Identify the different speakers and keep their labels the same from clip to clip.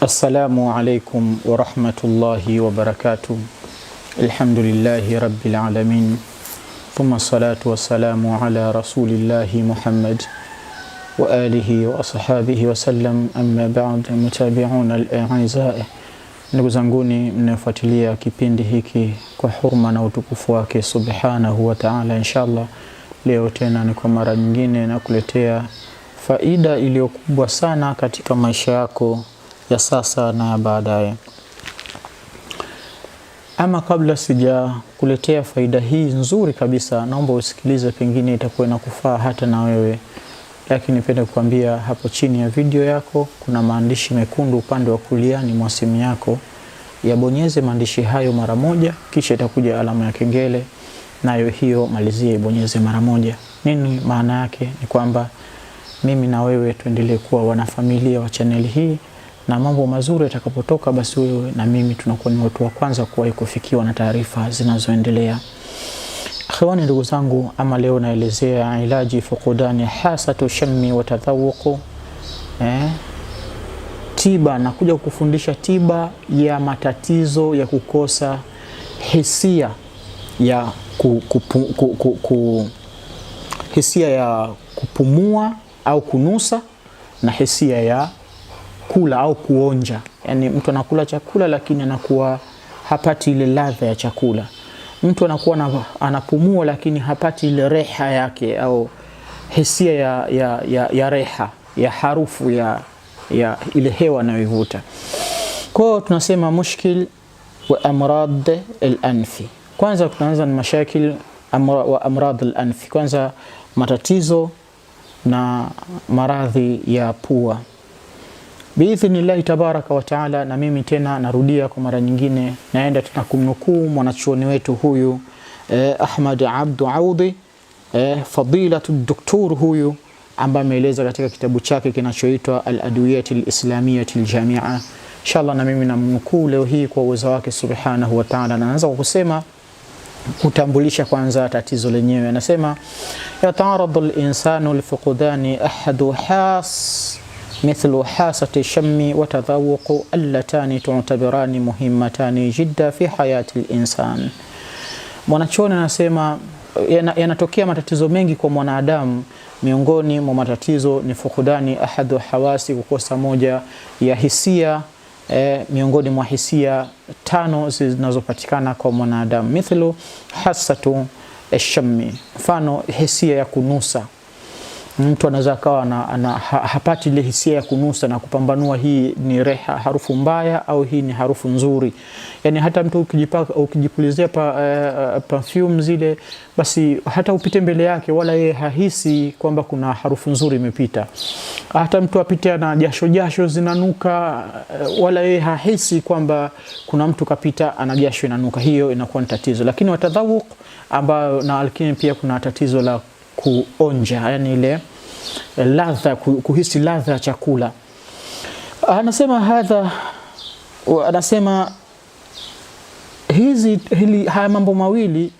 Speaker 1: Assalamu alaikum warahmatullahi wabarakatuh. Alhamdulillahi rabbil alamin thumma salatu wassalamu ala rasulillahi Muhammad wa alihi wa ashabihi wasallam, amma ba'd. Mutabiuna al-a'izaa, ndugu zanguni mnayofuatilia kipindi hiki kwa hurma na utukufu wake subhanahu wa ta'ala. Inshallah, leo tena ni kwa mara nyingine na kuletea faida iliyokubwa sana katika maisha yako ya sasa na ya baadaye. Ama kabla sijakuletea faida hii nzuri kabisa, naomba usikilize, pengine itakuwa inakufaa hata na wewe. Lakini nipende kukwambia hapo chini ya video yako kuna maandishi mekundu upande wa kuliani mwa simu yako, yabonyeze maandishi hayo mara moja, kisha itakuja alama ya kengele, nayo hiyo malizia, ibonyeze mara moja. Nini maana yake? Ni kwamba mimi na wewe tuendelee kuwa wanafamilia wa chaneli hii na mambo mazuri yatakapotoka, basi wewe na mimi tunakuwa ni watu wa kwanza kuwahi kufikiwa na taarifa zinazoendelea. Akhwani, ndugu zangu, ama leo naelezea ilaji fukudani hasatu shami wa tadhawuqu eh, tiba na kuja kufundisha tiba ya matatizo ya kukosa hisia ya ku, ku, ku, ku, ku, ku, hisia ya kupumua au kunusa na hisia ya kula au kuonja, yani mtu anakula chakula lakini anakuwa hapati ile ladha ya chakula. Mtu anakuwa anapumua lakini hapati ile reha yake au hisia ya, ya, ya, ya reha ya harufu ya, ya ile hewa anayoivuta. Kwa hiyo tunasema mushkil wa amrad al-anfi. Kwanza tunaanza na mashakil wa amrad al-anfi, kwanza matatizo na maradhi ya pua biidhnillahi tabaraka wa taala. Na mimi tena narudia kwa mara nyingine, naenda tena kumnukuu mwanachuoni wetu huyu eh, Ahmad Abdu Audhi eh, fadilatu doktor huyu ambaye ameeleza katika kitabu chake kinachoitwa Al-Adwiyat Al-Islamiyat Al-Jamia. Inshallah na mimi namnukuu leo hii kwa uwezo wake subhanahu wa taala, na naanza kwa kusema kutambulisha kwanza tatizo lenyewe. Anasema yataaradu linsanu lfuqudani ahadu has mithlu hasati shami wa tadhawuqu allatani tu'tabirani muhimmatani jidda fi hayati linsan. Mwanachuoni anasema yanatokea matatizo mengi kwa mwanadamu. Miongoni mwa matatizo ni fukudani ahadu hawasi, kukosa moja ya hisia E, miongoni mwa hisia tano zinazopatikana kwa mwanadamu, mithlu hasatu shami mfano hisia ya kunusa mtu anaweza akawa na, ana, hapati ile hisia ya kunusa na kupambanua, hii ni reha harufu mbaya au hii ni harufu nzuri. Yani hata mtu ukijipaka ukijipulizia pa, uh, perfume zile, basi hata upite mbele yake, wala yeye hahisi kwamba kuna harufu nzuri imepita. Hata mtu apite na jasho jasho zinanuka, uh, wala yeye hahisi kwamba kuna mtu kapita ana jasho inanuka. Hiyo inakuwa ni tatizo, lakini watadhawuq ambayo na alkini pia kuna tatizo la kuonja, yani ile eh, ladha, kuhisi ladha ya chakula. Anasema hadha, anasema hizi hili, haya mambo mawili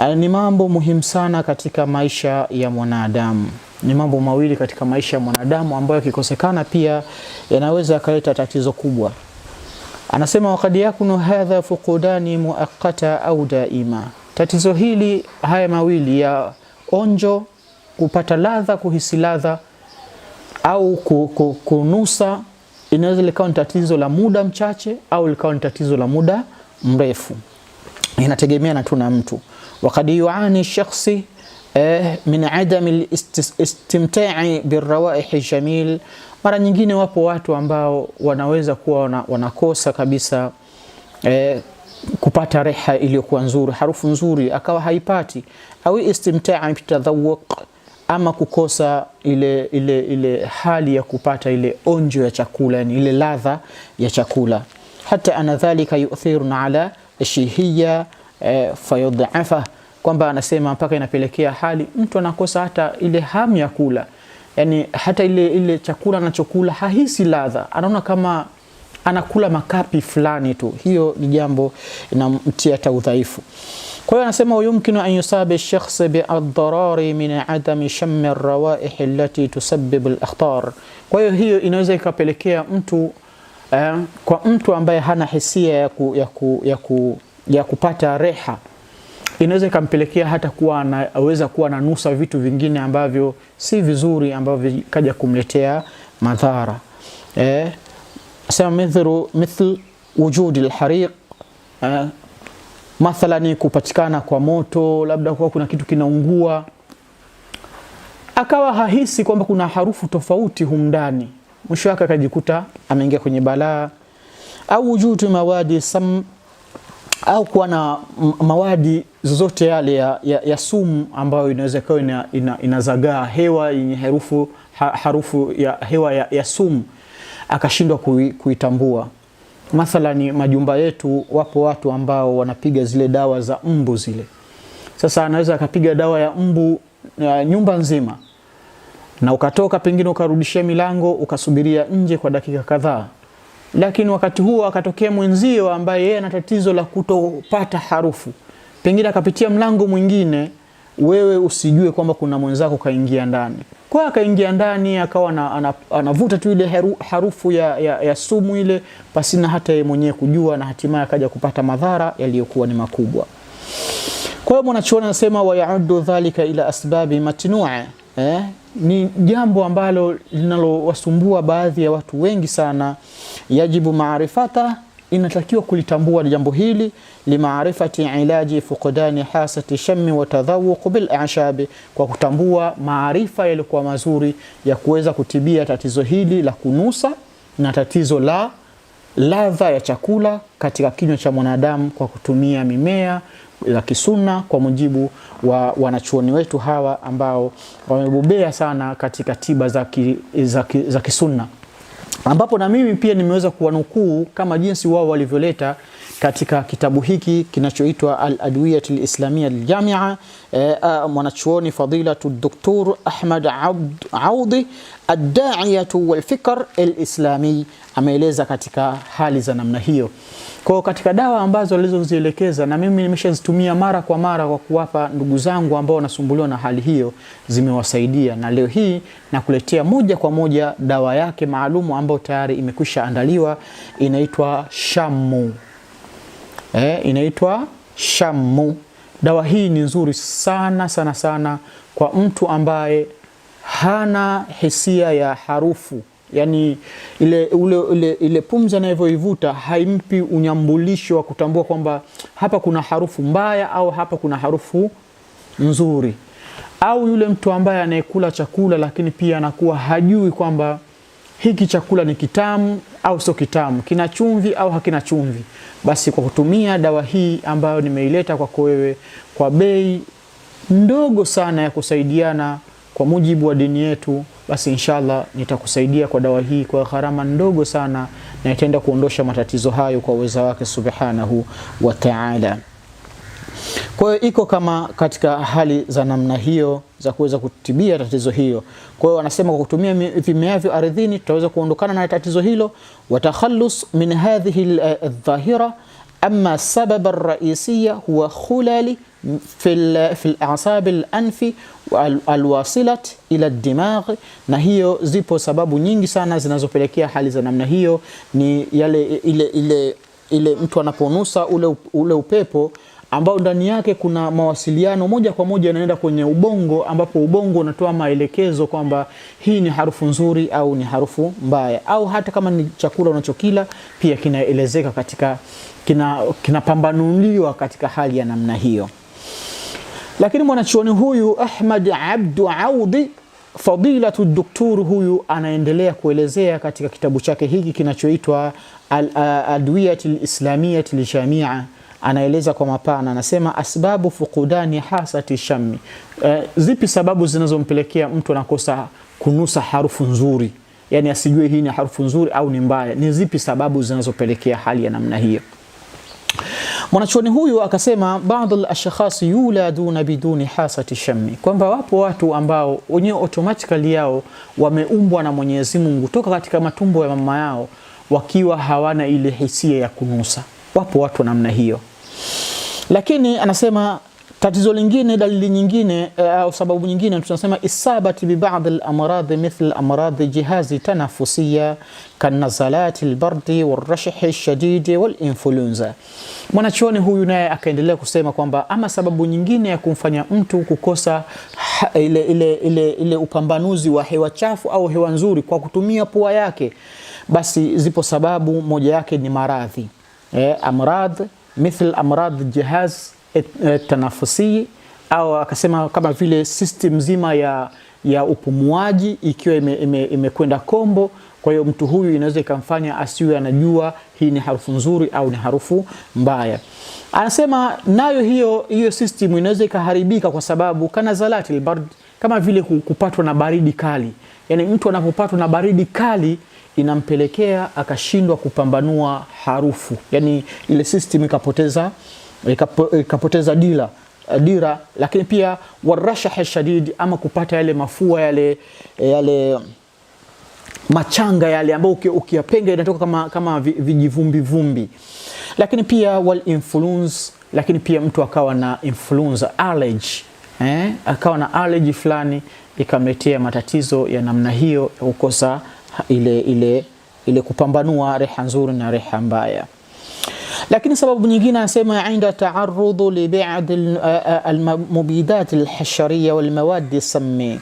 Speaker 1: eh, ni mambo muhimu sana katika maisha ya mwanadamu. Ni mambo mawili katika maisha ya mwanadamu ambayo yakikosekana pia yanaweza yakaleta tatizo kubwa. Anasema wakad yakunu hadha fuqudani muaqqata au daima, tatizo hili haya mawili ya onjo, kupata ladha, kuhisi ladha au kunusa, inaweza likawa ni tatizo la muda mchache au likawa ni tatizo la muda mrefu, inategemeana tu na mtu. Wakad yuani shakhsi eh, min adami istimtai birawaih jamil. Mara nyingine wapo watu ambao wanaweza kuwa wanakosa kabisa eh, kupata reha iliyokuwa nzuri, harufu nzuri akawa haipati, au istimtaa bitadhawuq, ama kukosa ile, ile, ile hali ya kupata ile onjo ya chakula, yani ile ladha ya chakula. Hata ana dhalika yu'thirun ala shihiya e, fayudhafa, kwamba anasema mpaka inapelekea hali mtu anakosa hata ile hamu ya kula, yani hata ile, ile chakula anachokula hahisi ladha, anaona kama anakula makapi fulani tu, hiyo ni jambo inamtia hata udhaifu. Kwa hiyo anasema wayumkinu an yusabi shakhs biaddarari min adami sham rawaih allati tusabbib al-akhtar. Kwa hiyo hiyo inaweza ikapelekea mtu eh, kwa mtu ambaye hana hisia ya, ku, ya, ku, ya, ku, ya kupata reha inaweza ikampelekea hata kuwa anaweza kuwa ananusa vitu vingine ambavyo si vizuri ambavyo kaja kumletea madhara eh sema mithlu mithl wujudi alhariq eh, mathalani kupatikana kwa moto, labda kwa kuna kitu kinaungua, akawa hahisi kwamba kuna harufu tofauti humndani, mwisho wake akajikuta ameingia kwenye balaa. Au wujudu mawadi sam, au kuwa na mawadi zozote yale ya, ya, ya sumu ambayo inaweza ikawa ina, ina, inazagaa hewa yenye harufu, ha, harufu ya hewa ya, ya sumu akashindwa kuitambua. Mathalani, majumba yetu wapo watu ambao wanapiga zile dawa za mbu zile. Sasa anaweza akapiga dawa ya mbu ya nyumba nzima, na ukatoka pengine ukarudishia milango ukasubiria nje kwa dakika kadhaa, lakini wakati huo akatokea mwenzio ambaye yeye ana tatizo la kutopata harufu, pengine akapitia mlango mwingine wewe usijue kwamba kuna mwenzako kaingia ndani. Kwa akaingia ndani akawa anavuta tu ile harufu ya, ya, ya sumu ile pasina hata yeye mwenyewe kujua, na hatimaye akaja kupata madhara yaliyokuwa ni makubwa. Kwa hiyo mwanachuoni anasema wayaudu dhalika ila asbabi matnua eh? Ni jambo ambalo linalowasumbua baadhi ya watu wengi sana, yajibu maarifata inatakiwa kulitambua jambo hili, limaarifati ilaji fuqdani hasati shami wa tadhawuq bil ashabi, kwa kutambua maarifa yaliyokuwa mazuri ya kuweza kutibia tatizo hili la kunusa na tatizo la ladha ya chakula katika kinywa cha mwanadamu kwa kutumia mimea ya kisuna kwa mujibu wa wanachuoni wetu hawa ambao wamebobea sana katika tiba za, ki, za, ki, za kisunna ambapo na mimi pia nimeweza kuwanukuu kama jinsi wao walivyoleta katika kitabu hiki kinachoitwa Al-Adwiyat al-Islamia al-Jamia, e, mwanachuoni fadilatu Dr. Ahmad Audi ad-Da'iyatu wal-Fikr al-Islami ameeleza katika hali za namna hiyo. Kwa katika dawa ambazo alizozielekeza na mimi nimeshazitumia mara kwa mara kwa kuwapa ndugu zangu ambao wanasumbuliwa na hali hiyo, zimewasaidia na leo hii nakuletea moja kwa moja dawa yake maalumu ambayo tayari imekwisha andaliwa inaitwa shamu. Eh, inaitwa shamu. Dawa hii ni nzuri sana sana sana kwa mtu ambaye hana hisia ya harufu, yani ile, ule, ule, ile pumzi anavyoivuta haimpi unyambulisho wa kutambua kwamba hapa kuna harufu mbaya au hapa kuna harufu nzuri, au yule mtu ambaye anayekula chakula lakini pia anakuwa hajui kwamba hiki chakula ni kitamu au sio kitamu, kina chumvi au hakina chumvi, basi kwa kutumia dawa hii ambayo nimeileta kwako wewe kwa bei ndogo sana ya kusaidiana kwa mujibu wa dini yetu, basi inshallah nitakusaidia kwa dawa hii kwa gharama ndogo sana, na itaenda kuondosha matatizo hayo kwa uweza wake subhanahu wa ta'ala. Kwa hiyo iko kama katika hali za namna hiyo za kuweza kutibia tatizo hiyo. Kwa hiyo wanasema kwa kutumia vimeavyo ardhini tutaweza kuondokana na tatizo hilo, watakhallus min hadhihi eh, dhahira Ama sabab alraisiya huwa khulali fi lasabi alanfi alwasilat ila dimag. na hiyo zipo sababu nyingi sana zinazopelekea hali za namna hiyo. Ni yale ile, ile, ile mtu anaponusa ule, ule upepo ambao ndani yake kuna mawasiliano moja kwa moja yanaenda kwenye ubongo, ambapo ubongo unatoa maelekezo kwamba hii ni harufu nzuri au ni harufu mbaya, au hata kama ni chakula unachokila pia kinaelezeka katika, kinapambanuliwa kina katika hali ya namna hiyo. Lakini mwanachuoni huyu Ahmad Abdu Audi fadilatu daktari huyu anaendelea kuelezea katika kitabu chake hiki kinachoitwa Al-Adwiyat Al-Islamiyat Al-Shamia anaeleza kwa mapana, anasema asbabu fukudani hasati shami, e, eh, zipi sababu zinazompelekea mtu anakosa kunusa harufu nzuri, yani asijue hii ni harufu nzuri au ni mbaya? Ni zipi sababu zinazopelekea hali ya namna hiyo? Mwanachuoni huyu akasema baadhi ya ashkhas yuladuna biduni hasati shami, kwamba wapo watu ambao wenyewe automatically yao wameumbwa na Mwenyezi Mungu toka katika matumbo ya mama yao wakiwa hawana ile hisia ya kunusa. Wapo watu namna hiyo. Lakini anasema tatizo lingine, dalili nyingine eh, au sababu nyingine tunasema isabati bi ba'd al amrad mithl amrad jihazi tanafusiya kan kanazalat al bardi wal rashh al shadid wal influenza. Mwanachuoni huyu naye akaendelea kusema kwamba ama sababu nyingine ya kumfanya mtu kukosa ha, ile, ile, ile, ile upambanuzi wa hewa chafu au hewa nzuri kwa kutumia pua yake, basi zipo sababu, moja yake ni maradhi eh, amradh mithl amrad jihaz tanafusi, au akasema kama vile system nzima ya, ya upumuaji ikiwa imekwenda ime, ime kombo. Kwa hiyo mtu huyu inaweza ikamfanya asiwe anajua hii ni harufu nzuri au ni harufu mbaya. Anasema nayo hiyo hiyo system inaweza ikaharibika kwa sababu kana zalati kama vile kupatwa na baridi kali, yani mtu anapopatwa na baridi kali inampelekea akashindwa kupambanua harufu, yani ile system ikapoteza ikapoteza dira eh, dira, lakini pia warashaha shadidi ama kupata yale mafua yale eh, yale machanga yale ambayo ukiyapenga inatoka kama, kama vijivumbi vumbi, lakini pia wal influence, lakini pia mtu akawa na influenza allergy eh, akawa na allergy fulani ikamletea matatizo ya namna hiyo ya kukosa ile, ile, ile kupambanua reha nzuri na reha mbaya. Lakini sababu nyingine anasema inda taarudhu li ba'd almubidat wal walmawadi sammi,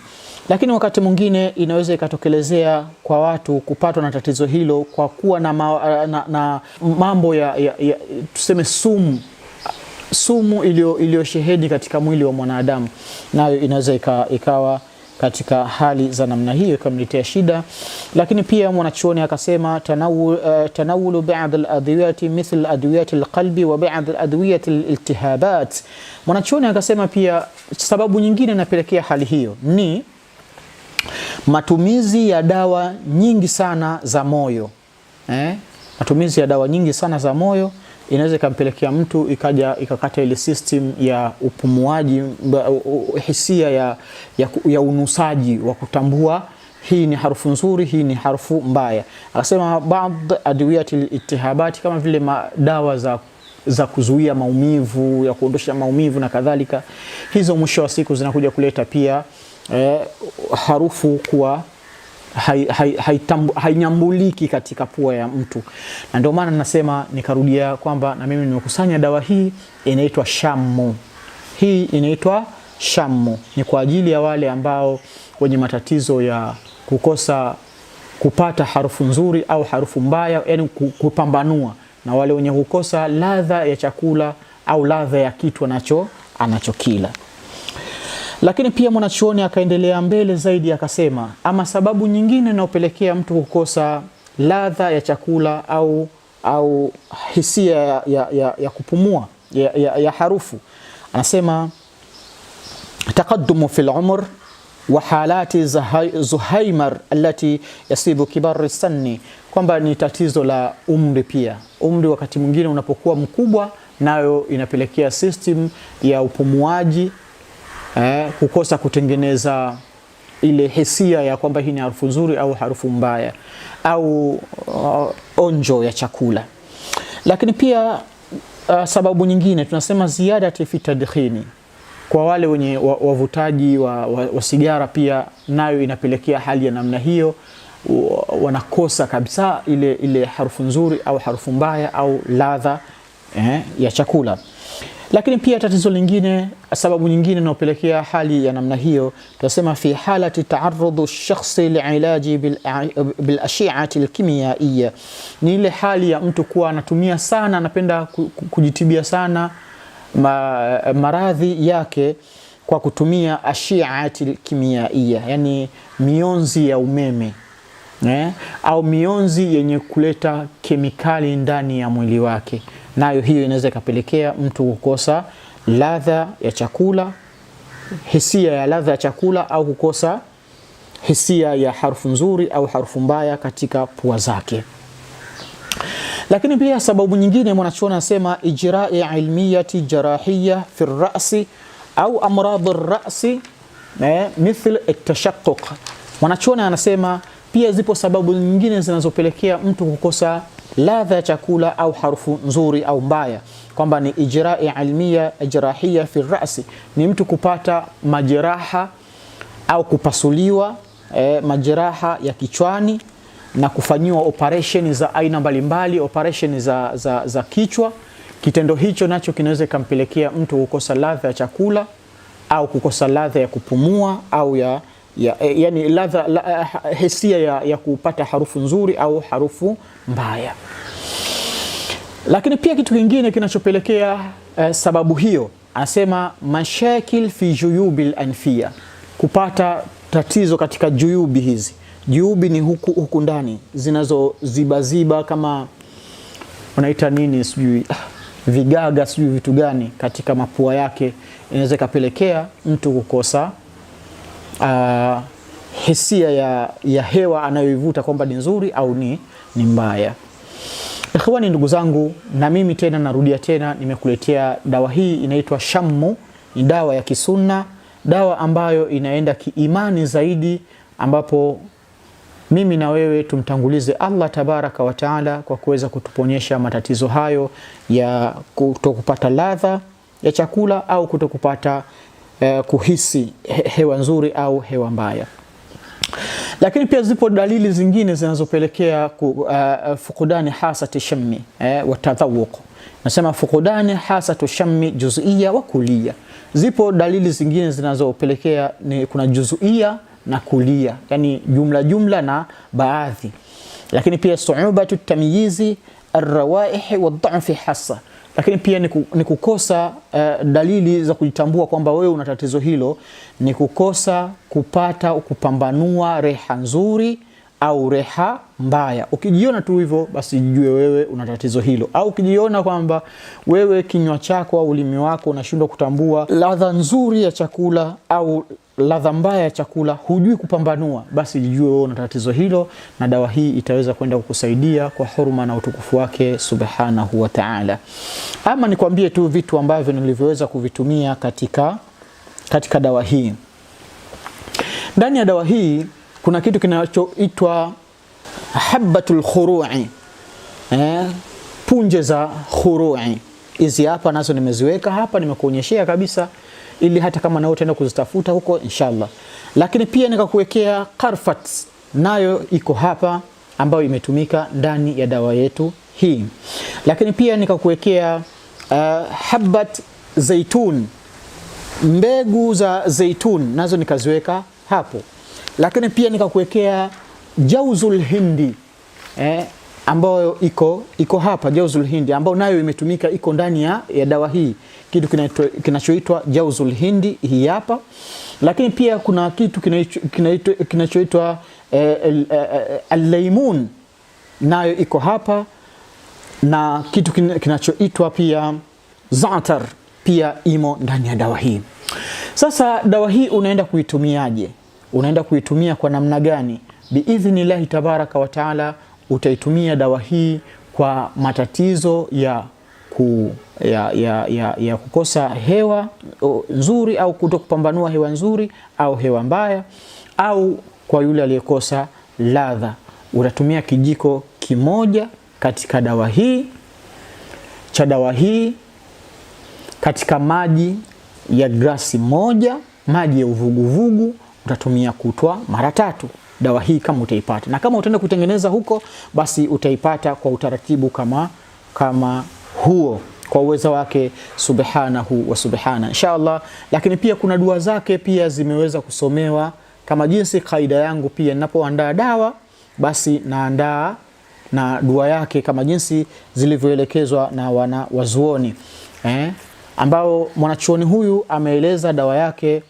Speaker 1: lakini wakati mwingine inaweza ikatokelezea kwa watu kupatwa na tatizo hilo kwa kuwa na, ma, na, na mambo ya, ya, ya tuseme sumu sumu iliyosheheni katika mwili wa mwanadamu, nayo inaweza ikawa katika hali za namna hiyo ikamletea shida. Lakini pia mwanachuoni akasema eh, tanawulu, uh, ba'd al-adwiyati mithl adwiyati al-qalbi wa ba'd adwiyati al-iltihabat. Mwanachuoni akasema pia sababu nyingine inapelekea hali hiyo ni matumizi ya dawa nyingi sana za moyo eh? matumizi ya dawa nyingi sana za moyo inaweza ikampelekea mtu ikaja ikakata ile system ya upumuaji mba, uh, hisia ya, ya, ya unusaji wa kutambua hii ni harufu nzuri, hii ni harufu mbaya. Akasema baadhi adwiyati itihabati, kama vile dawa za, za kuzuia maumivu ya kuondosha maumivu na kadhalika, hizo mwisho wa siku zinakuja kuleta pia eh, harufu kuwa hainyambuliki hai, hai katika pua ya mtu, na ndio maana nasema nikarudia kwamba na mimi nimekusanya dawa hii inaitwa shamu. Hii inaitwa shamu, ni kwa ajili ya wale ambao wenye matatizo ya kukosa kupata harufu nzuri au harufu mbaya, yani kupambanua, na wale wenye kukosa ladha ya chakula au ladha ya kitu anacho anachokila. Lakini pia mwanachuoni akaendelea mbele zaidi akasema, ama sababu nyingine inayopelekea mtu kukosa ladha ya chakula au, au hisia ya, ya, ya, ya kupumua ya, ya, ya harufu, anasema taqaddumu fil umr wa halati zuhaimar allati yasibu kibar sanni, kwamba ni tatizo la umri pia. Umri wakati mwingine unapokuwa mkubwa, nayo inapelekea system ya upumuaji eh, kukosa kutengeneza ile hisia ya kwamba hii ni harufu nzuri au harufu mbaya au uh, onjo ya chakula. Lakini pia uh, sababu nyingine tunasema ziada fi tadkhini, kwa wale wenye wavutaji wa, wa, wa sigara pia nayo inapelekea hali ya namna hiyo, wanakosa kabisa ile, ile harufu nzuri au harufu mbaya au ladha eh, ya chakula. Lakini pia tatizo lingine, sababu nyingine inayopelekea hali ya namna hiyo tunasema, fi halati taarudhu shakhsi lilaji bilashiati alkimiyaiya, ni ile hali ya mtu kuwa anatumia sana, anapenda kujitibia sana ma, maradhi yake kwa kutumia ashiati alkimiyaiya, yani mionzi ya umeme eh, au mionzi yenye kuleta kemikali ndani ya mwili wake nayo hiyo inaweza ikapelekea mtu kukosa ladha ya chakula, hisia ya ladha ya chakula, au kukosa hisia ya harufu nzuri au harufu mbaya katika pua zake. Lakini pia sababu nyingine mwanachuoni anasema ijrai ilmiyati jarahiya fi rasi au amrad rasi eh, mithl tashaquq. Mwanachuoni anasema pia zipo sababu nyingine zinazopelekea mtu kukosa ladha ya chakula au harufu nzuri au mbaya, kwamba ni ijrai ilmia jirahia fi rasi, ni mtu kupata majeraha au kupasuliwa eh, majeraha ya kichwani na kufanyiwa operation za aina mbalimbali, operation za, za, za kichwa. Kitendo hicho nacho kinaweza kampelekea mtu kukosa ladha ya chakula au kukosa ladha ya kupumua au ya ya, eh, yani ladha la, eh, hisia ya, ya kupata harufu nzuri au harufu mbaya. Lakini pia kitu kingine kinachopelekea eh, sababu hiyo anasema mashakil fi juyubil anfia, kupata tatizo katika juyubi hizi. Juyubi ni huku, huku ndani zinazozibaziba kama unaita nini sijui ah, vigaga sijui vitu gani katika mapua yake, inaweza ikapelekea mtu kukosa uh, hisia ya, ya hewa anayoivuta kwamba ni nzuri au ni, ni mbaya. Ikhwani, ndugu zangu, na mimi tena narudia tena, nimekuletea dawa hii inaitwa shammu. Ni dawa ya kisunna, dawa ambayo inaenda kiimani zaidi, ambapo mimi na wewe tumtangulize Allah tabaraka wa taala kwa kuweza kutuponyesha matatizo hayo ya kutokupata ladha ya chakula au kutokupata eh, kuhisi hewa nzuri au hewa mbaya. Lakini pia zipo dalili zingine zinazopelekea uh, fukudani hasati shammi eh, wa tadhawuq. Nasema fukudani hasatu shami juz'ia wa kulia. Zipo dalili zingine zinazopelekea ni kuna juz'ia na kulia, yani jumla jumla na baadhi. Lakini pia suubatu tamyizi arrawaihi wa dhafi hasa lakini pia ni kukosa uh, dalili za kujitambua kwamba wewe una tatizo hilo, ni kukosa kupata kupambanua reha nzuri au reha mbaya. Ukijiona tu hivyo, basi jue wewe una tatizo hilo, au ukijiona kwamba wewe kinywa chako au ulimi wako unashindwa kutambua ladha nzuri ya chakula au ladha mbaya ya chakula, hujui kupambanua, basi jijue wewe una tatizo hilo, na dawa hii itaweza kwenda kukusaidia kwa huruma na utukufu wake subhanahu wa ta'ala. Ama nikwambie tu vitu ambavyo nilivyoweza kuvitumia katika, katika dawa hii. Ndani ya dawa hii kuna kitu kinachoitwa habatul khurui eh, punje za khurui hizi hapa nazo nimeziweka hapa, nimekuonyeshea kabisa, ili hata kama nawe utaenda kuzitafuta huko inshallah. Lakini pia nikakuwekea karfat, nayo iko hapa, ambayo imetumika ndani ya dawa yetu hii. Lakini pia nikakuwekea uh, eh, habat zaitun, mbegu za zaitun nazo nikaziweka hapo lakini pia nikakuwekea Jauzul Hindi eh, ambayo iko iko hapa Jauzul Hindi ambayo nayo imetumika iko ndani ya, ya dawa hii, kitu kinachoitwa kina Jauzul Hindi hii hapa, lakini pia kuna kitu kinachoitwa eh, eh, eh alleimun al nayo iko hapa na kitu kinachoitwa pia zatar pia imo ndani ya dawa hii. Sasa dawa hii unaenda kuitumiaje? unaenda kuitumia kwa namna gani? Biidhnillahi tabaraka wa taala utaitumia dawa hii kwa matatizo ya, ku, ya, ya, ya, ya kukosa hewa nzuri au kuto kupambanua hewa nzuri au hewa mbaya au kwa yule aliyekosa ladha. Utatumia kijiko kimoja katika dawa hii cha dawa hii katika maji ya grasi moja, maji ya uvuguvugu utatumia kutwa mara tatu dawa hii kama utaipata, na kama utaenda kutengeneza huko, basi utaipata kwa utaratibu kama kama huo kwa uwezo wake subhanahu wa subhana, inshallah. Lakini pia kuna dua zake pia zimeweza kusomewa kama jinsi kaida yangu, pia ninapoandaa dawa basi naandaa na dua yake kama jinsi zilivyoelekezwa na wana wazuoni eh, ambao mwanachuoni huyu ameeleza dawa yake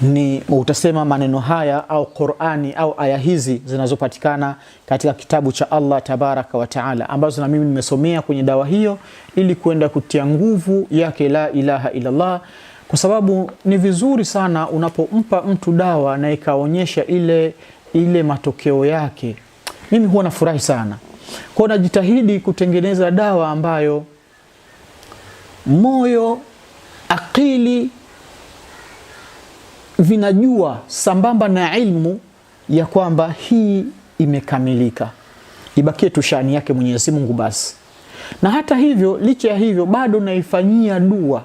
Speaker 1: ni utasema maneno haya au Qur'ani au aya hizi zinazopatikana katika kitabu cha Allah tabaraka wa taala, ambazo na mimi nimesomea kwenye dawa hiyo, ili kuenda kutia nguvu yake la ilaha illallah, kwa sababu ni vizuri sana unapompa mtu dawa na ikaonyesha ile ile matokeo yake. Mimi huwa nafurahi sana kwa, najitahidi kutengeneza dawa ambayo moyo, akili vinajua sambamba na ilmu ya kwamba hii imekamilika, ibakie tu shani yake Mwenyezi Mungu basi. Na hata hivyo, licha ya hivyo, bado naifanyia dua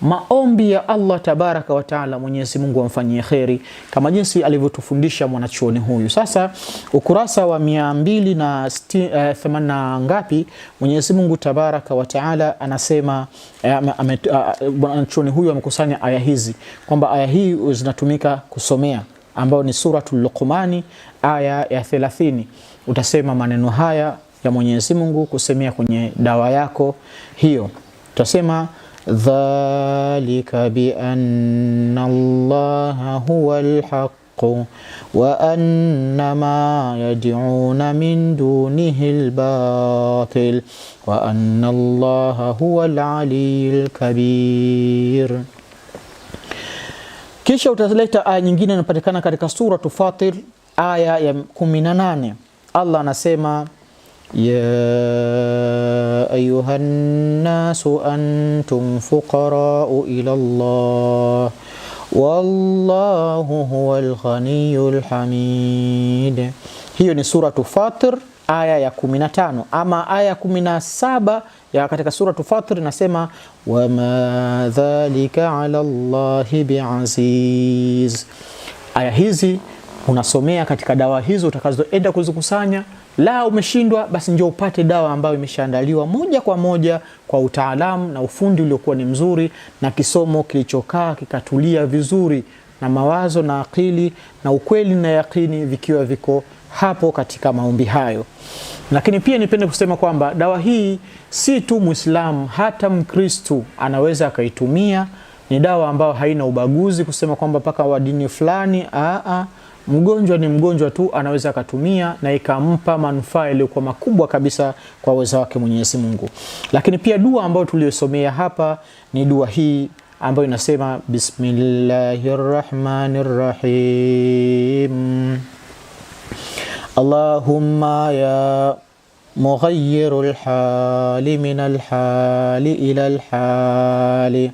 Speaker 1: maombi ya Allah tabaraka wa taala, Mwenyezi Mungu amfanyie kheri kama jinsi alivyotufundisha mwanachuoni huyu. Sasa ukurasa wa mia mbili na eh, themanini na ngapi, Mwenyezi Mungu tabaraka wa taala anasema eh, eh, mwanachuoni huyu amekusanya aya hizi kwamba aya hii zinatumika kusomea, ambayo ni Suratul Luqmani aya ya 30. Utasema maneno haya ya Mwenyezi Mungu kusemea kwenye dawa yako hiyo, utasema dhalika bianna الله huwa الحق wa anna ma yad'una min dunihi albatil الله هو العلي huwa alaliyul kabir. Kisha utaleta aya nyingine inapatikana katika Suratu Fatir aya ya 18, Allah anasema يا أيها الناس أنتم فقراء إلى الله والله هو الغني الحميد Hiyo ni فاطر Fatir aya ya 15, ama aya ya 17 ya katika Suratu Fatir inasema wama dhalika ala llahi biaziz. Aya hizi unasomea katika dawa hizo utakazoenda kuzikusanya. La umeshindwa, basi ndio upate dawa ambayo imeshaandaliwa moja kwa moja kwa utaalamu na ufundi uliokuwa ni mzuri na kisomo kilichokaa kikatulia vizuri na mawazo na akili na ukweli na yakini vikiwa viko hapo katika maombi hayo. Lakini pia nipende kusema kwamba dawa hii si tu Muislamu, hata Mkristu anaweza akaitumia. Ni dawa ambayo haina ubaguzi kusema kwamba mpaka wa dini fulani. Aa, mgonjwa ni mgonjwa tu, anaweza akatumia na ikampa manufaa yaliyokuwa makubwa kabisa kwa uwezo wake Mwenyezi Mungu. Lakini pia dua ambayo tuliyosomea hapa ni dua hii ambayo inasema bismillahir rahmanir rahim, Allahumma ya mughayyirul hali min hali ila hali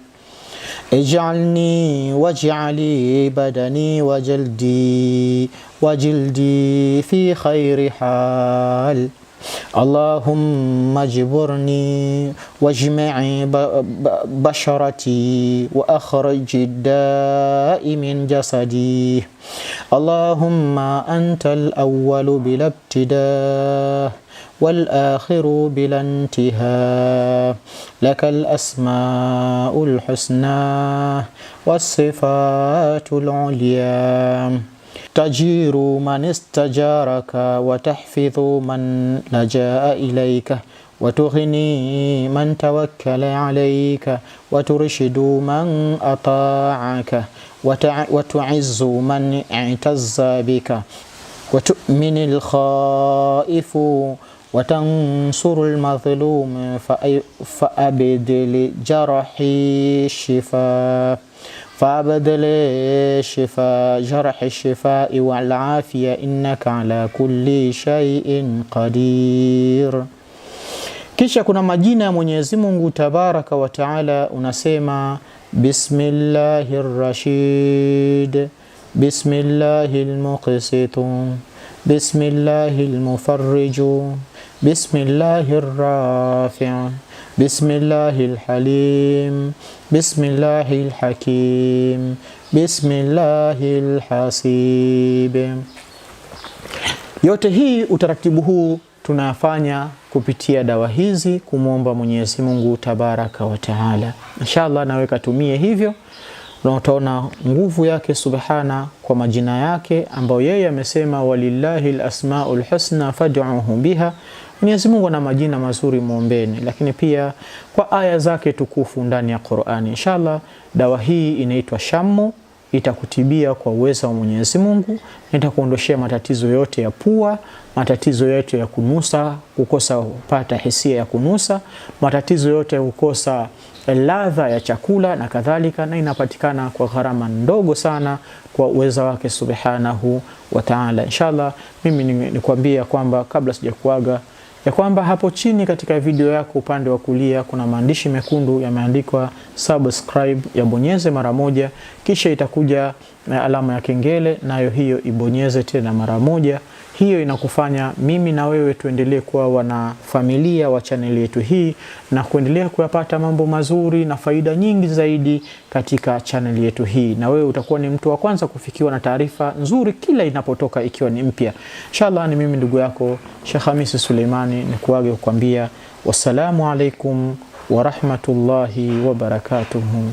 Speaker 1: اجعلني واجعلي بدني وجلدي وجلدي في خير حال اللهم اجبرني واجمع بشرتي واخرج الداء من جسدي اللهم انت الاول بلا ابتداء والآخر بلا انتهاء لك الأسماء الحسنى والصفات العليا تجير من استجارك وتحفظ من لجأ إليك وتغني من توكل عليك وترشد من أطاعك وتعز من اعتز بك وتؤمن الخائف وتنصر المظلوم فأبدل جرحي الشفاء فأبدل شفاء جرح الشفاء والعافية إنك على كل شيء قدير kisha kuna majina ya Mwenyezi Mungu Tabaraka wa Taala, unasema Bismillahir Rashid, Bismillahil Muqsitu, Bismillahil Mufarriju الله الحليم بسم الله الحكيم بسم الله الحسيب Yote hii utaratibu huu tunafanya kupitia dawa hizi kumwomba Mwenyezi Mungu tabaraka wa taala. Inshallah nawe katumie hivyo na utaona nguvu yake subhana kwa majina yake ambayo yeye amesema, walillahi lasmaul husna fad'uhu biha Mwenyezi Mungu ana majina mazuri, muombeni, lakini pia kwa aya zake tukufu ndani ya Qur'ani. Inshallah, dawa hii inaitwa Shamu itakutibia kwa uwezo wa Mwenyezi Mungu, itakuondoshea matatizo yote ya pua, matatizo yote ya kunusa, kukosa kupata hisia ya kunusa, matatizo yote ya kukosa ladha ya chakula na kadhalika, na inapatikana kwa gharama ndogo sana kwa uwezo wake subhanahu wa ta'ala. Inshallah, mimi nikwambia kwamba kabla sijakuaga ya kwamba hapo chini katika video yako upande wa kulia kuna maandishi mekundu yameandikwa subscribe, yabonyeze mara moja, kisha itakuja eh, alama ya kengele, nayo hiyo ibonyeze tena mara moja. Hiyo inakufanya mimi na wewe tuendelee kuwa wanafamilia wa chaneli yetu hii na kuendelea kuyapata mambo mazuri na faida nyingi zaidi katika chaneli yetu hii, na wewe utakuwa ni mtu wa kwanza kufikiwa na taarifa nzuri kila inapotoka ikiwa ni mpya. Inshallah, ni mimi ndugu yako Sheikh Hamisi Suleimani, nikuage kukwambia wassalamu alaikum warahmatullahi wabarakatuhu.